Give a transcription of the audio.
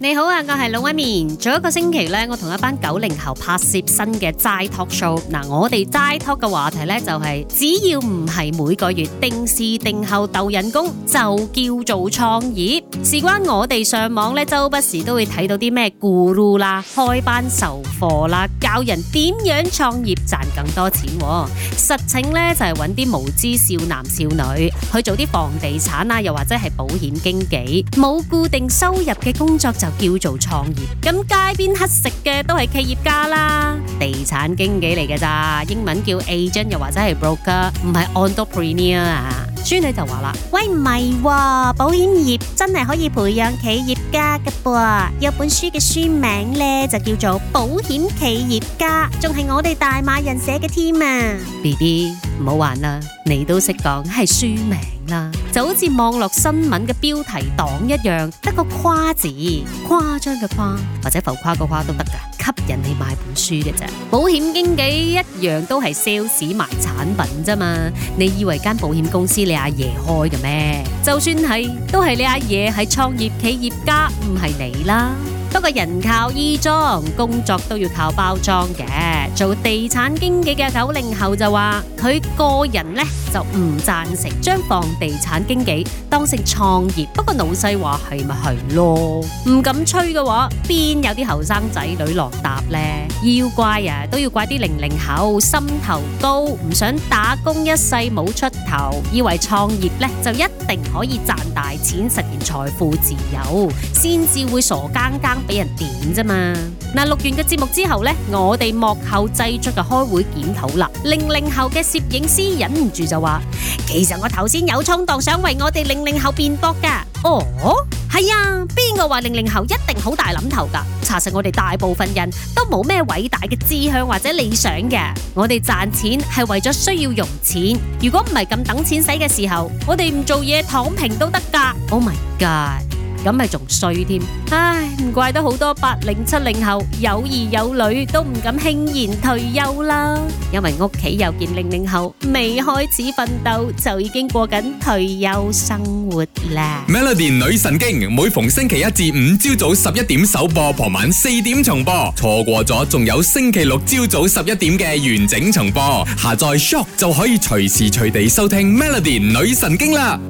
你好啊，我係 Melody。上一個星期咧，我同一班九零後拍攝新嘅齋 talk show。嗱、啊，我哋齋 talk 嘅話題咧就係、是，只要唔係每個月定時定候鬥人工，就叫做創業。事關我哋上網咧，周不時都會睇到啲咩咕嚕啦，開班授課啦，教人點樣創業賺更多錢、哦。實情咧就係揾啲無知少男少女去做啲房地產啊，又或者係保險經紀，冇固定收入嘅工作。就叫做創業，咁街邊乞食嘅都係企業家啦。地產經紀嚟嘅咋，英文叫 agent，又或者係 broker，唔係 entrepreneur 啊。孫女就話啦：喂，唔係，保險業真係可以培養企業家㗎噃，有本書嘅書名咧就叫做《保險企業家》，仲係我哋大馬人寫嘅添啊！B B，唔好玩啦，你都識講係書名啦，就好似網絡新聞嘅標題黨一樣，得個誇字，誇張嘅誇或者浮誇嘅誇都得噶。給人哋買本書嘅啫，保險經紀一樣都係 sales 賣產品啫嘛。你以為間保險公司你阿爺開嘅咩？就算係，都係你阿爺係創業企業家，唔係你啦。不過人靠衣裝，工作都要靠包裝嘅。做地產經紀嘅九零後就話：佢個人呢就唔贊成將房地產經紀當成創業。不過老細話係咪係咯？唔敢吹嘅話，邊有啲後生仔女落搭呢？要怪啊，都要怪啲零零後心頭高，唔想打工一世冇出頭，以為創業呢就一定可以賺大錢，實現財富自由，先至會傻更更。俾人點啫嘛！嗱，錄完嘅節目之後呢，我哋幕後製作就開會檢討啦。零零後嘅攝影師忍唔住就話：其實我頭先有衝動想為我哋零零後辯駁噶。哦，係啊，邊個話零零後一定好大諗頭噶？查實我哋大部分人都冇咩偉大嘅志向或者理想嘅。我哋賺錢係為咗需要用錢，如果唔係咁等錢使嘅時候，我哋唔做嘢躺平都得噶。Oh my god！咁咪仲衰添，唉，唔怪得好多八零七零後有兒有女都唔敢輕言退休啦，因為屋企又見零零後未開始奮鬥就已經過緊退休生活啦。Melody 女神經每逢星期一至五朝早十一點首播，傍晚四點重播，錯過咗仲有星期六朝早十一點嘅完整重播，下載 Shop 就可以隨時隨地收聽 Melody 女神經啦。